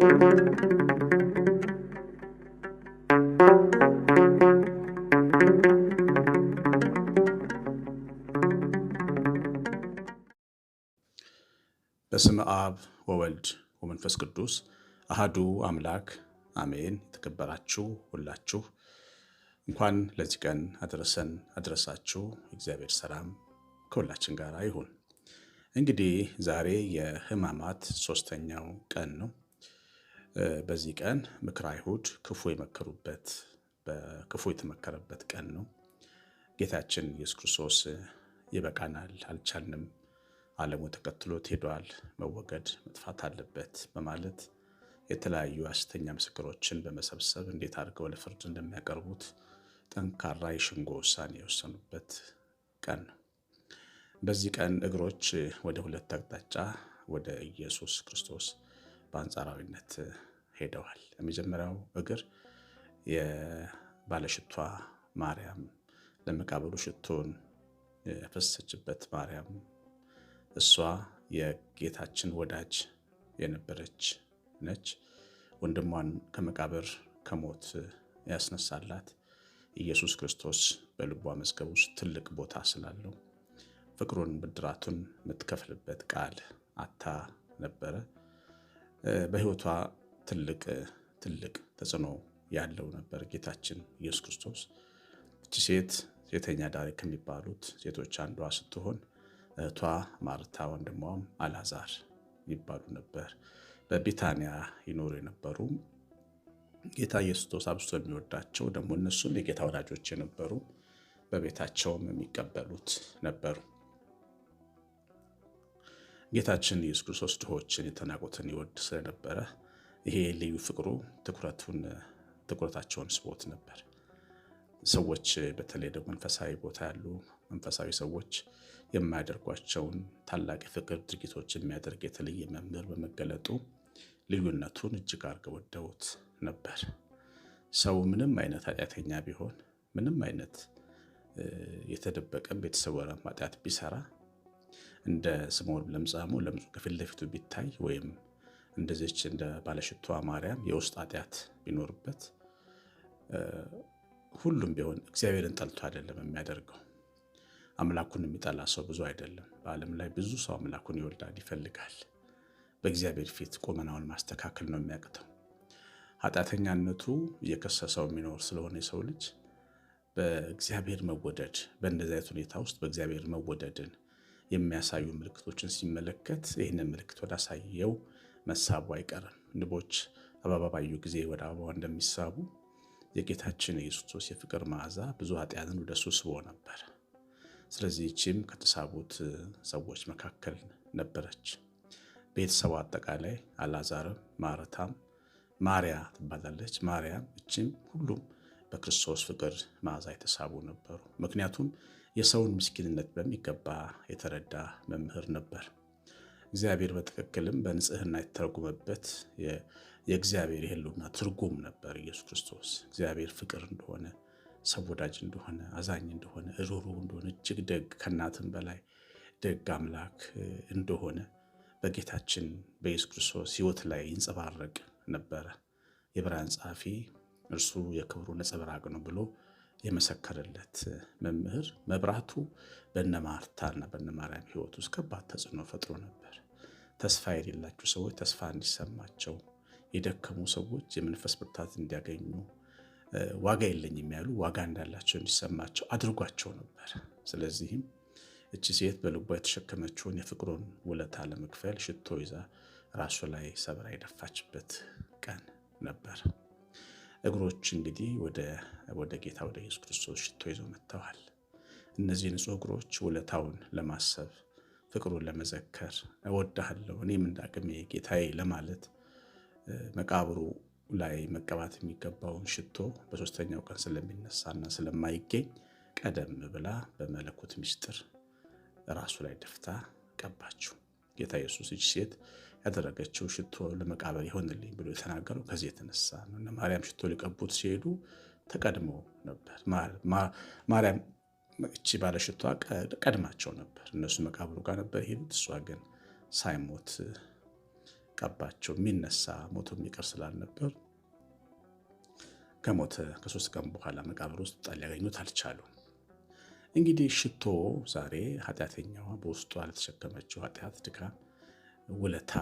በስመ አብ ወወልድ ወመንፈስ ቅዱስ አህዱ አምላክ አሜን። የተከበራችሁ ሁላችሁ እንኳን ለዚህ ቀን አድረሰን አድረሳችሁ። እግዚአብሔር ሰላም ከሁላችን ጋር ይሁን። እንግዲህ ዛሬ የሕማማት ሶስተኛው ቀን ነው። በዚህ ቀን ምክረ አይሁድ ክፉ የመከሩበት በክፉ የተመከረበት ቀን ነው። ጌታችን ኢየሱስ ክርስቶስ ይበቃናል፣ አልቻልንም፣ ዓለሙ ተከትሎት ሄዷል፣ መወገድ መጥፋት አለበት በማለት የተለያዩ አስተኛ ምስክሮችን በመሰብሰብ እንዴት አድርገው ለፍርድ እንደሚያቀርቡት ጠንካራ የሽንጎ ውሳኔ የወሰኑበት ቀን ነው። በዚህ ቀን እግሮች ወደ ሁለት አቅጣጫ ወደ ኢየሱስ ክርስቶስ በአንጻራዊነት ሄደዋል። የመጀመሪያው እግር የባለሽቷ ማርያም ለመቃብሩ ሽቶን የፈሰችበት ማርያም እሷ የጌታችን ወዳጅ የነበረች ነች። ወንድሟን ከመቃብር ከሞት ያስነሳላት ኢየሱስ ክርስቶስ በልቧ መዝገብ ውስጥ ትልቅ ቦታ ስላለው ፍቅሩን፣ ብድራቱን የምትከፍልበት ቃል አታ ነበረ። በህይወቷ ትልቅ ትልቅ ተጽዕኖ ያለው ነበር ጌታችን ኢየሱስ ክርስቶስ። እቺ ሴት ሴተኛ ዳሪ ከሚባሉት ሴቶች አንዷ ስትሆን እህቷ ማርታ ወንድሟም አልዓዛር ይባሉ ነበር። በቢታንያ ይኖሩ የነበሩ ጌታ ኢየሱስ ክርስቶስ አብዝቶ የሚወዳቸው ደግሞ እነሱም የጌታ ወዳጆች የነበሩ በቤታቸውም የሚቀበሉት ነበሩ። ጌታችን ኢየሱስ ክርስቶስ ድሆችን የተናቁትን ይወድ ስለነበረ ይሄ ልዩ ፍቅሩ ትኩረቱን ትኩረታቸውን ስቦት ነበር። ሰዎች በተለይ ደግሞ መንፈሳዊ ቦታ ያሉ መንፈሳዊ ሰዎች የማያደርጓቸውን ታላቅ የፍቅር ድርጊቶች የሚያደርግ የተለየ መምህር በመገለጡ ልዩነቱን እጅግ አድርገው ወደውት ነበር። ሰው ምንም አይነት ኃጢአተኛ ቢሆን ምንም አይነት የተደበቀም የተሰወረም ኃጢአት ቢሰራ እንደ ስምዖን ለምጻሙ ለምጹ ከፊት ለፊቱ ቢታይ ወይም እንደዚች እንደ ባለሽቷ ማርያም የውስጥ ኃጢአት ቢኖርበት ሁሉም ቢሆን እግዚአብሔርን ጠልቶ አይደለም የሚያደርገው። አምላኩን የሚጠላ ሰው ብዙ አይደለም። በዓለም ላይ ብዙ ሰው አምላኩን ይወልዳል፣ ይፈልጋል። በእግዚአብሔር ፊት ቁመናውን ማስተካከል ነው የሚያቅተው። ኃጢአተኛነቱ እየከሰሰው የሚኖር ስለሆነ የሰው ልጅ በእግዚአብሔር መወደድ በእንደዚህ አይነት ሁኔታ ውስጥ በእግዚአብሔር መወደድን የሚያሳዩ ምልክቶችን ሲመለከት ይህንን ምልክት ወዳሳየው መሳቡ አይቀርም። ንቦች አበባ ባዩ ጊዜ ወደ አበባ እንደሚሳቡ የጌታችን የኢየሱስ የፍቅር መዓዛ ብዙ ኃጢአትን ወደ እሱ ስቦ ነበር። ስለዚህ ይህችም ከተሳቡት ሰዎች መካከል ነበረች። ቤተሰቡ አጠቃላይ አላዛርም ማረታም፣ ማርያ ትባላለች። ማርያም እችም ሁሉም በክርስቶስ ፍቅር መዓዛ የተሳቡ ነበሩ። ምክንያቱም የሰውን ምስኪንነት በሚገባ የተረዳ መምህር ነበር። እግዚአብሔር በትክክልም በንጽህና የተረጉመበት የእግዚአብሔር የህልውና ትርጉም ነበር ኢየሱስ ክርስቶስ። እግዚአብሔር ፍቅር እንደሆነ፣ ሰው ወዳጅ እንደሆነ፣ አዛኝ እንደሆነ፣ ሩህሩህ እንደሆነ፣ እጅግ ደግ ከእናትም በላይ ደግ አምላክ እንደሆነ በጌታችን በኢየሱስ ክርስቶስ ህይወት ላይ ይንጸባረቅ ነበረ። የብርሃን ጸሐፊ እርሱ የክብሩ ነጸብራቅ ነው ብሎ የመሰከረለት መምህር መብራቱ በነ ማርታና በነ ማርያም ሕይወት ውስጥ ከባድ ተጽዕኖ ፈጥሮ ነበር። ተስፋ የሌላቸው ሰዎች ተስፋ እንዲሰማቸው፣ የደከሙ ሰዎች የመንፈስ ብርታት እንዲያገኙ፣ ዋጋ የለኝም ያሉ ዋጋ እንዳላቸው እንዲሰማቸው አድርጓቸው ነበር። ስለዚህም እቺ ሴት በልቧ የተሸከመችውን የፍቅሩን ውለታ ለመክፈል ሽቶ ይዛ ራሱ ላይ ሰብራ የደፋችበት ቀን ነበር። እግሮች እንግዲህ ወደ ጌታ ወደ ኢየሱስ ክርስቶስ ሽቶ ይዘው መጥተዋል። እነዚህ ንጹህ እግሮች ውለታውን ለማሰብ ፍቅሩን ለመዘከር እወድሃለሁ፣ እኔም እንዳቅሜ ጌታዬ ለማለት መቃብሩ ላይ መቀባት የሚገባውን ሽቶ በሶስተኛው ቀን ስለሚነሳና ስለማይገኝ ቀደም ብላ በመለኮት ምስጢር ራሱ ላይ ደፍታ ቀባችው። ጌታ ኢየሱስ ሴት ያደረገችው ሽቶ ለመቃበር ይሆንልኝ ብሎ የተናገረው ከዚህ የተነሳ ነው። እነ ማርያም ሽቶ ሊቀቡት ሲሄዱ ተቀድሞ ነበር። ማርያም እቺ ባለሽቶ ቀድማቸው ነበር። እነሱ መቃብሩ ጋር ነበር ሄዱት። እሷ ግን ሳይሞት ቀባቸው። የሚነሳ ሞቶ የሚቀር ስላልነበር ከሞተ ከሶስት ቀን በኋላ መቃብር ውስጥ ጣል ሊያገኙት አልቻሉ። እንግዲህ ሽቶ ዛሬ ኃጢአተኛዋ በውስጡ አልተሸከመችው ኃጢአት ድካም ውለታ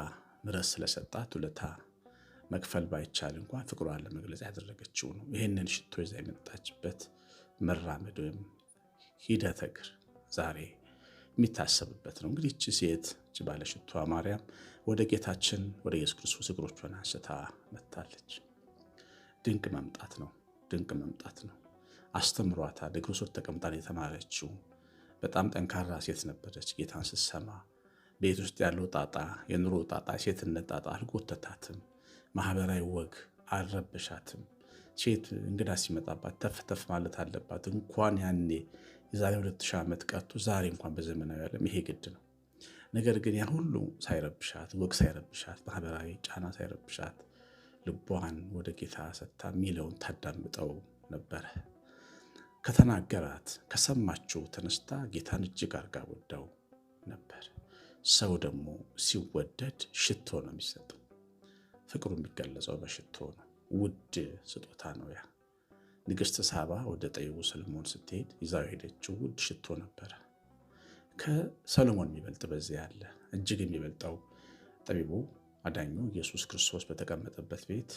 ምረት ስለሰጣት ውለታ መክፈል ባይቻል እንኳን ፍቅሯን ለመግለጽ ያደረገችው ነው። ይህንን ሽቶ ይዛ የመጣችበት መራመድ ወይም ሂደተ እግር ዛሬ የሚታሰብበት ነው። እንግዲህ እቺ ሴት እቺ ባለሽቷ ማርያም ወደ ጌታችን ወደ ኢየሱስ ክርስቶስ እግሮቿን አንስታ መጥታለች። ድንቅ መምጣት ነው። ድንቅ መምጣት ነው። አስተምሯታል። እግሩ ስር ተቀምጣ የተማረችው በጣም ጠንካራ ሴት ነበረች። ጌታን ስትሰማ ቤት ውስጥ ያለው ጣጣ፣ የኑሮ ጣጣ፣ ሴትነት ጣጣ አልጎተታትም። ማህበራዊ ወግ አልረብሻትም። ሴት እንግዳ ሲመጣባት ተፍተፍ ማለት አለባት። እንኳን ያኔ የዛሬ ሁለት ሺ ዓመት ቀርቶ ዛሬ እንኳን በዘመናዊ ዓለም ይሄ ግድ ነው። ነገር ግን ያ ሁሉ ሳይረብሻት፣ ወግ ሳይረብሻት፣ ማህበራዊ ጫና ሳይረብሻት ልቧን ወደ ጌታ ሰጥታ የሚለውን ታዳምጠው ነበረ። ከተናገራት ከሰማችው ተነስታ ጌታን እጅግ አርጋ ወዳው ነበር። ሰው ደግሞ ሲወደድ ሽቶ ነው የሚሰጠው። ፍቅሩ የሚገለጸው በሽቶ ነው። ውድ ስጦታ ነው ያ። ንግስት ሳባ ወደ ጠይቡ ሰሎሞን ስትሄድ ይዛው ሄደችው ውድ ሽቶ ነበረ። ከሰሎሞን የሚበልጥ በዚያ አለ። እጅግ የሚበልጠው ጠቢቡ አዳኙ ኢየሱስ ክርስቶስ በተቀመጠበት ቤት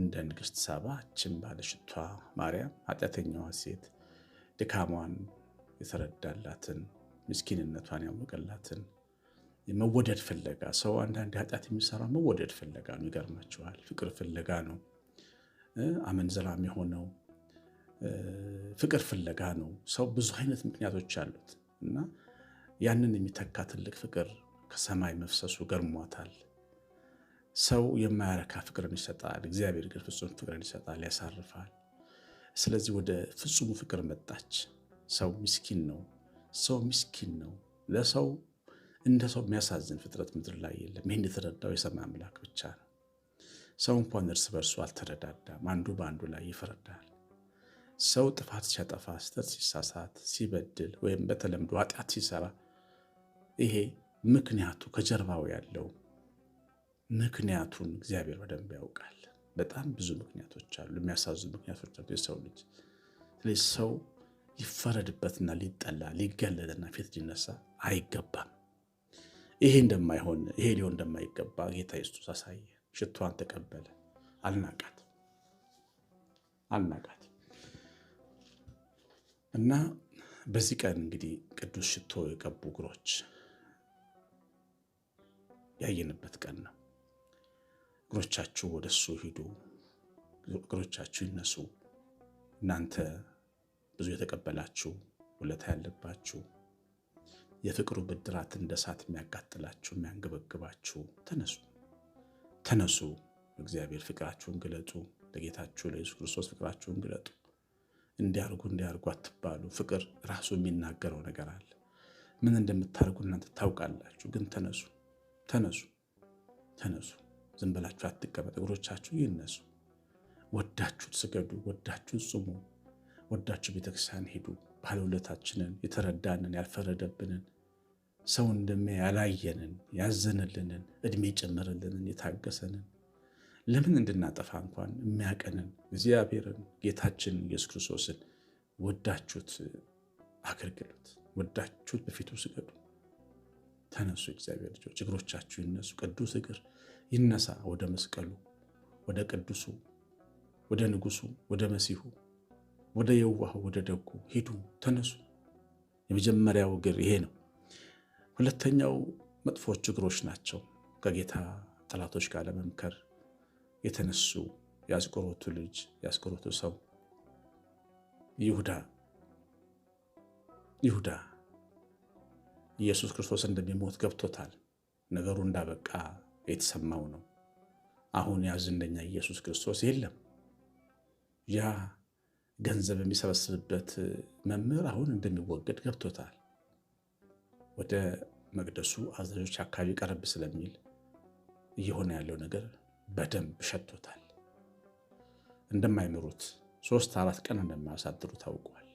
እንደ ንግስት ሳባ ችን ባለሽቷ ማርያም ኃጢአተኛዋ ሴት ድካሟን የተረዳላትን ምስኪንነቷን ያወቀላትን መወደድ ፍለጋ ሰው አንዳንድ ኃጢአት የሚሰራ መወደድ ፍለጋ ነው። ይገርማችኋል። ፍቅር ፍለጋ ነው። አመንዝራም የሆነው ፍቅር ፍለጋ ነው። ሰው ብዙ አይነት ምክንያቶች አሉት እና ያንን የሚተካ ትልቅ ፍቅር ከሰማይ መፍሰሱ ገርሟታል። ሰው የማያረካ ፍቅርን ይሰጣል። እግዚአብሔር ግን ፍጹም ፍቅርን ይሰጣል፣ ያሳርፋል። ስለዚህ ወደ ፍጹሙ ፍቅር መጣች። ሰው ምስኪን ነው። ሰው ምስኪን ነው ለሰው እንደ ሰው የሚያሳዝን ፍጥረት ምድር ላይ የለም። ይህን የተረዳው የሰማይ አምላክ ብቻ ነው። ሰው እንኳን እርስ በእርሱ አልተረዳዳም። አንዱ በአንዱ ላይ ይፈረዳል። ሰው ጥፋት ሲያጠፋ፣ ስህተት ሲሳሳት፣ ሲበድል ወይም በተለምዶ ኃጢአት ሲሰራ ይሄ ምክንያቱ ከጀርባው ያለው ምክንያቱን እግዚአብሔር በደንብ ያውቃል። በጣም ብዙ ምክንያቶች አሉ፣ የሚያሳዝኑ ምክንያቶች የሰው ልጅ። ስለዚህ ሰው ሊፈረድበትና ሊጠላ ሊገለልና ፊት ሊነሳ አይገባም። ይሄ እንደማይሆን ይሄ ሊሆን እንደማይገባ ጌታ ኢየሱስ አሳየ። ሽቷን ተቀበለ፣ አልናቃት አልናቃት እና በዚህ ቀን እንግዲህ ቅዱስ ሽቶ የቀቡ እግሮች ያየንበት ቀን ነው። እግሮቻችሁ ወደ እሱ ሂዱ፣ እግሮቻችሁ ይነሱ። እናንተ ብዙ የተቀበላችሁ ውለታ ያለባችሁ የፍቅሩ ብድራት እንደ እሳት የሚያቃጥላችሁ የሚያንገበግባችሁ፣ ተነሱ ተነሱ። እግዚአብሔር ፍቅራችሁን ግለጡ። ለጌታችሁ ለኢየሱስ ክርስቶስ ፍቅራችሁን ግለጡ። እንዲያርጉ እንዲያርጉ አትባሉ። ፍቅር ራሱ የሚናገረው ነገር አለ። ምን እንደምታደርጉ እናንተ ታውቃላችሁ። ግን ተነሱ ተነሱ ተነሱ። ዝም ብላችሁ አትቀመጥ። እግሮቻችሁ ይነሱ። ወዳችሁት ስገዱ፣ ወዳችሁ ጽሙ፣ ወዳችሁ ቤተክርስቲያን ሄዱ። ባለውለታችንን የተረዳንን ያልፈረደብንን ሰው እንደሚያ ያላየንን ያዘንልንን እድሜ ጨመረልንን የታገሰንን ለምን እንድናጠፋ እንኳን የሚያቀንን እግዚአብሔርን ጌታችን ኢየሱስ ክርስቶስን ወዳችሁት አገልግሉት፣ ወዳችሁት በፊቱ ስገዱ። ተነሱ፣ እግዚአብሔር ልጆች እግሮቻችሁ ይነሱ። ቅዱስ እግር ይነሳ ወደ መስቀሉ፣ ወደ ቅዱሱ፣ ወደ ንጉሱ፣ ወደ መሲሁ፣ ወደ የዋሁ፣ ወደ ደጉ ሂዱ፣ ተነሱ። የመጀመሪያው እግር ይሄ ነው። ሁለተኛው መጥፎች እግሮች ናቸው። ከጌታ ጠላቶች ጋር ለመምከር የተነሱ የአስቆሮቱ ልጅ የአስቆሮቱ ሰው ይሁዳ ይሁዳ ኢየሱስ ክርስቶስ እንደሚሞት ገብቶታል። ነገሩ እንዳበቃ የተሰማው ነው። አሁን ያ ዝነኛ ኢየሱስ ክርስቶስ የለም። ያ ገንዘብ የሚሰበስብበት መምህር አሁን እንደሚወገድ ገብቶታል። ወደ መቅደሱ አዛዦች አካባቢ ቀረብ ስለሚል እየሆነ ያለው ነገር በደንብ ሸቶታል። እንደማይምሩት ሶስት አራት ቀን እንደማያሳድሩ ታውቋል።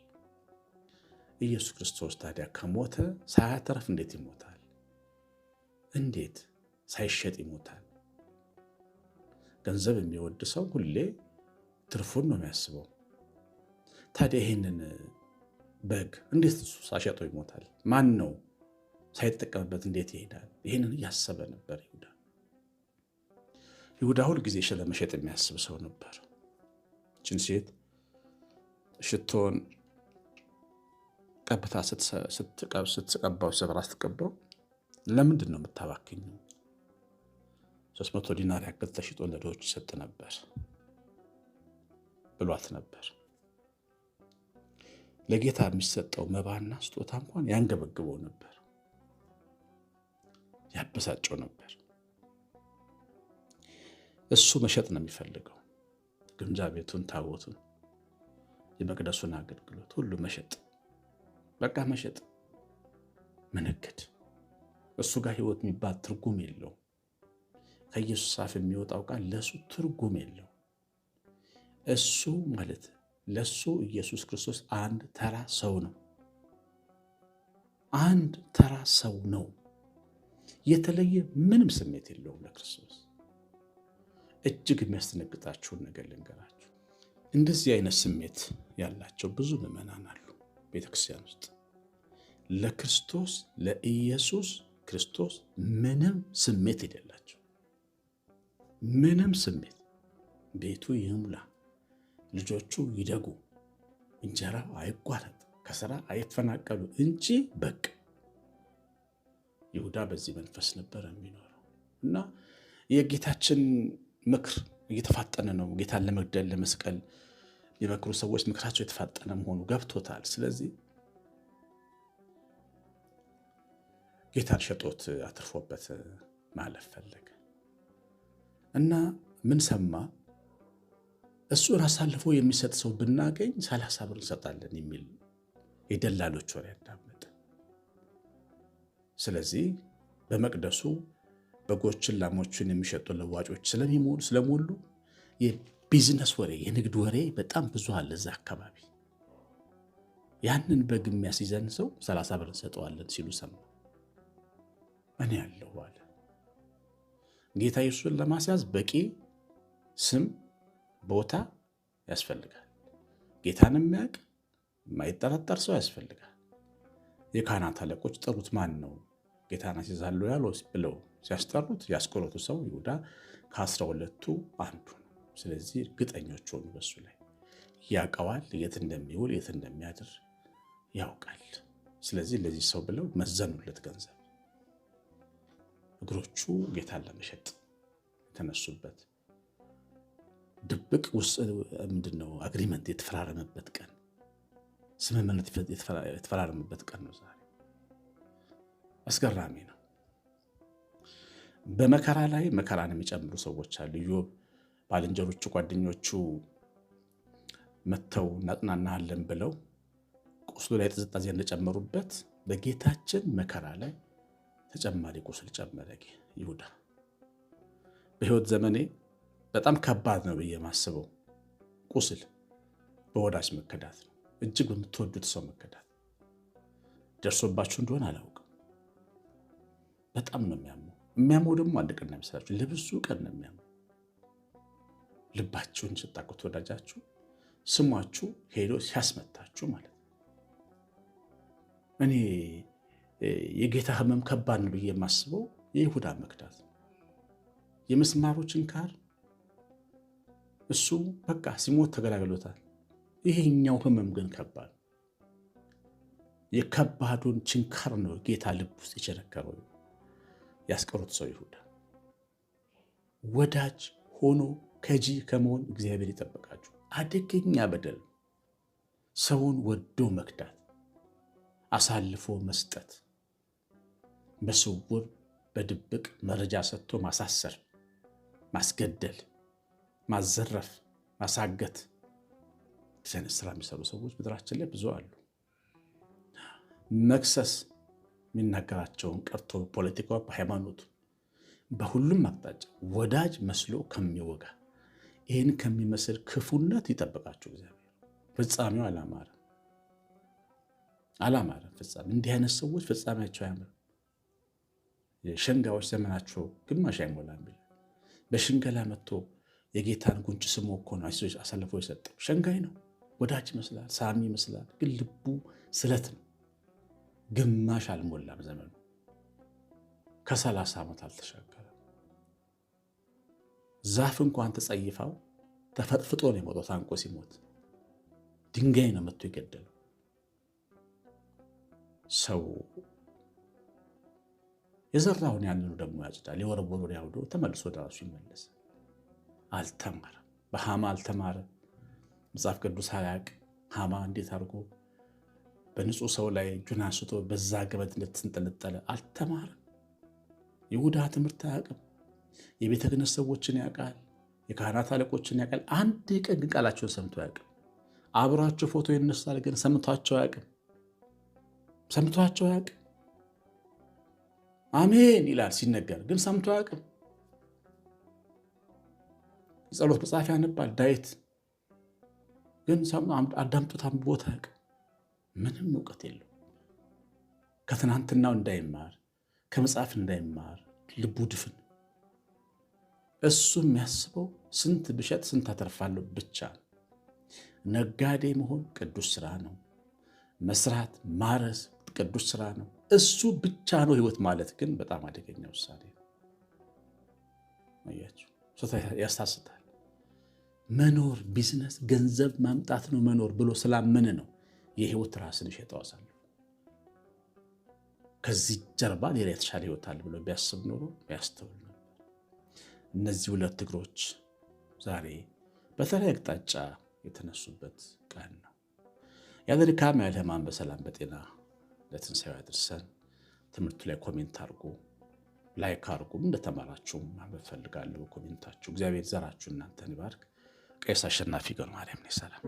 ኢየሱስ ክርስቶስ ታዲያ ከሞተ ሳያተረፍ እንዴት ይሞታል? እንዴት ሳይሸጥ ይሞታል? ገንዘብ የሚወድ ሰው ሁሌ ትርፉን ነው የሚያስበው። ታዲያ ይህንን በግ እንዴት ሳሸጠው ይሞታል? ማን ነው ሳይጠቀምበት እንዴት ይሄዳል? ይህንን እያሰበ ነበር ይሁዳ። ይሁዳ ሁል ጊዜ ሸለመሸጥ የሚያስብ ሰው ነበር። ይህችን ሴት ሽቶን ቀብታ ስትቀባው ስብራ ስትቀባው ለምንድን ነው የምታባክኝ? ሶስት መቶ ዲናር ያክል ተሽጦ ለድሆች ይሰጥ ነበር ብሏት ነበር። ለጌታ የሚሰጠው መባና ስጦታ እንኳን ያንገበግበው ነበር። ያበሳጨው ነበር። እሱ መሸጥ ነው የሚፈልገው፣ ግምጃ ቤቱን፣ ታቦቱን፣ የመቅደሱን አገልግሎት ሁሉ መሸጥ፣ በቃ መሸጥ፣ መነገድ። እሱ ጋር ህይወት የሚባል ትርጉም የለው። ከኢየሱስ አፍ የሚወጣው ቃል ለእሱ ትርጉም የለው። እሱ ማለት ለእሱ ኢየሱስ ክርስቶስ አንድ ተራ ሰው ነው። አንድ ተራ ሰው ነው። የተለየ ምንም ስሜት የለውም ለክርስቶስ። እጅግ የሚያስደነግጣችሁን ነገር ልንገራችሁ። እንደዚህ አይነት ስሜት ያላቸው ብዙ ምዕመናን አሉ ቤተክርስቲያን ውስጥ። ለክርስቶስ ለኢየሱስ ክርስቶስ ምንም ስሜት የሌላቸው ምንም ስሜት። ቤቱ ይሙላ፣ ልጆቹ ይደጉ፣ እንጀራ አይጓረጥ፣ ከስራ አይፈናቀሉ እንጂ በቃ ይሁዳ በዚህ መንፈስ ነበር የሚኖረው እና የጌታችን ምክር እየተፋጠነ ነው። ጌታን ለመግደል ለመስቀል የመክሩ ሰዎች ምክራቸው የተፋጠነ መሆኑ ገብቶታል። ስለዚህ ጌታን ሸጦት አትርፎበት ማለፍ ፈለገ እና ምን ሰማ? እሱን አሳልፎ የሚሰጥ ሰው ብናገኝ ሰላሳ ብር እንሰጣለን የሚል የደላሎች ወሬ ያዳም ስለዚህ በመቅደሱ በጎችን፣ ላሞችን የሚሸጡ ለዋጮች ስለሞሉ የቢዝነስ ወሬ የንግድ ወሬ በጣም ብዙ አለ እዛ አካባቢ። ያንን በግ የሚያስይዘን ሰው ሰላሳ ብር እንሰጠዋለን ሲሉ ሰማ። እኔ ያለሁ አለ ጌታ ኢየሱስን ለማስያዝ በቂ ስም ቦታ ያስፈልጋል። ጌታን የሚያውቅ የማይጠራጠር ሰው ያስፈልጋል። የካህናት አለቆች ጠሩት። ማን ነው ጌታን አስይዛለሁ ያለው ብለው ሲያስጠሩት ያስቆረቱ ሰው ይሁዳ ከአስራ ሁለቱ አንዱ ነው። ስለዚህ እርግጠኞች ሆኑ በሱ ላይ ያውቀዋል። የት እንደሚውል የት እንደሚያድር ያውቃል። ስለዚህ ለዚህ ሰው ብለው መዘኑለት ገንዘብ። እግሮቹ ጌታን ለመሸጥ የተነሱበት ድብቅ ምንድነው አግሪመንት የተፈራረመበት ቀን፣ ስምምነት የተፈራረመበት ቀን ነው ዛሬ አስገራሚ ነው። በመከራ ላይ መከራን የሚጨምሩ ሰዎች አሉ። ኢዮብ ባልንጀሮቹ፣ ጓደኞቹ መጥተው እናጽናናሃለን ብለው ቁስሉ ላይ ጥዝጣዜ እንደጨመሩበት በጌታችን መከራ ላይ ተጨማሪ ቁስል ጨመረ ይሁዳ። በህይወት ዘመኔ በጣም ከባድ ነው ብዬ የማስበው ቁስል በወዳጅ መከዳት ነው። እጅግ በምትወዱት ሰው መከዳት ደርሶባችሁ እንደሆነ አላውቅም። በጣም ነው የሚያመው። የሚያመው ደግሞ አንድ ቀን ነው የሚመስላችሁ፣ ለብዙ ቀን ነው የሚያመው። ልባችሁን ስታቁት ወዳጃችሁ ስሟችሁ ሄዶ ሲያስመታችሁ ማለት ነው። እኔ የጌታ ህመም ከባድ ነው ብዬ የማስበው የይሁዳ መክዳት ነው። የምስማሮችን ካር እሱ በቃ ሲሞት ተገላግሎታል። ይሄኛው ህመም ግን ከባድ የከባዱን ችንካር ነው ጌታ ልብ ውስጥ የቸነከረው። ያስቀሩት ሰው ይሁዳ ወዳጅ ሆኖ ከጂ ከመሆን እግዚአብሔር ይጠበቃችሁ። አደገኛ በደል ሰውን ወዶ መክዳት፣ አሳልፎ መስጠት፣ በስውር በድብቅ መረጃ ሰጥቶ ማሳሰር፣ ማስገደል፣ ማዘረፍ፣ ማሳገት ስራ የሚሰሩ ሰዎች ምድራችን ላይ ብዙ አሉ። መክሰስ የሚናገራቸውን ቀርቶ ፖለቲካ በሃይማኖቱ በሁሉም አቅጣጫ ወዳጅ መስሎ ከሚወጋ ይህን ከሚመስል ክፉነት ይጠብቃቸው እግዚአብሔር። ፍጻሜው አላማረ አላማረ ፍጻሜ እንዲህ አይነት ሰዎች ፍጻሜያቸው አያምርም። የሸንጋዎች ዘመናቸው ግማሽ አይሞላም። በሽንገላ መጥቶ የጌታን ጉንጭ ስሞ እኮ ነው አሳልፎ የሰጠው። ሸንጋይ ነው፣ ወዳጅ ይመስላል፣ ሳሚ ይመስላል፣ ግን ልቡ ስለት ነው። ግማሽ አልሞላም ዘመኑ ከሰላሳ ዓመት አልተሻገረም። ዛፍ እንኳን ተጸይፋው ተፈጥፍጦ ነው የሞጠው። ታንቆ ሲሞት ድንጋይ ነው መጥቶ የገደለው። ሰው የዘራውን ያንኑ ደግሞ ያጭዳል። የወረወሩን ያውዶ ተመልሶ ወደ ራሱ ይመለስ። አልተማረም፣ በሃማ አልተማረ መጽሐፍ ቅዱስ አያቅ ሃማ እንዴት አድርጎ በንጹህ ሰው ላይ እጁን አንስቶ በዛ ገበት እንደተንጠለጠለ አልተማርም። ይሁዳ ትምህርት አያውቅም። የቤተ ክህነት ሰዎችን ያውቃል። የካህናት አለቆችን ያውቃል። አንድ ቀን ግን ቃላቸውን ሰምቶ አያውቅም። አብሯቸው ፎቶ ይነሳል፣ ግን ሰምቷቸው አያውቅም። ሰምቷቸው አያውቅም። አሜን ይላል ሲነገር፣ ግን ሰምቶ አያውቅም። የጸሎት መጽሐፍ ያነባል ዳዊት፣ ግን አዳምጦት አንብቦት አያውቅም። ምንም እውቀት የለው። ከትናንትናው እንዳይማር ከመጽሐፍ እንዳይማር ልቡ ድፍን። እሱ የሚያስበው ስንት ብሸጥ ስንት አተርፋለሁ ብቻ ነው። ነጋዴ መሆን ቅዱስ ስራ ነው። መስራት ማረስ ቅዱስ ስራ ነው። እሱ ብቻ ነው ህይወት ማለት ግን በጣም አደገኛ ውሳኔ ያስታስታል። ያሳስታል። መኖር ቢዝነስ ገንዘብ ማምጣት ነው መኖር ብሎ ስላመነ ነው የህይወት ራስን ሸጠው አሳልፎ ከዚህ ጀርባ ሌላ የተሻለ ህይወት አለ ብሎ ቢያስብ ኖሮ ያስተውል ነበር። እነዚህ ሁለት እግሮች ዛሬ በተለይ አቅጣጫ የተነሱበት ቀን ነው። ያለ ድካም ያለ ህማም በሰላም በጤና ለትንሣኤው ያድርሰን። ትምህርቱ ላይ ኮሜንት አርጉ፣ ላይክ አርጉም። እንደተማራችሁም ማንበብ ፈልጋለሁ በኮሜንታችሁ። እግዚአብሔር ዘራችሁ እናንተን ይባርክ። ቄስ አሸናፊ ገብረማርያም ነኝ። ሰላም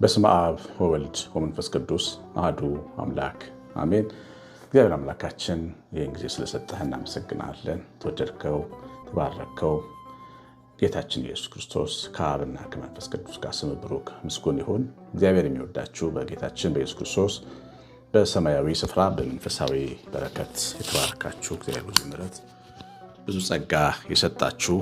በስመ አብ ወወልድ ወመንፈስ ቅዱስ አሐዱ አምላክ አሜን። እግዚአብሔር አምላካችን ይህን ጊዜ ስለሰጠህ እናመሰግናለን። ተወደድከው፣ ተባረከው። ጌታችን ኢየሱስ ክርስቶስ ከአብና ከመንፈስ ቅዱስ ጋር ስም ብሩክ ምስጉን ይሁን። እግዚአብሔር የሚወዳችሁ በጌታችን በኢየሱስ ክርስቶስ በሰማያዊ ስፍራ በመንፈሳዊ በረከት የተባረካችሁ እግዚአብሔር ምሕረት ብዙ ጸጋ የሰጣችሁ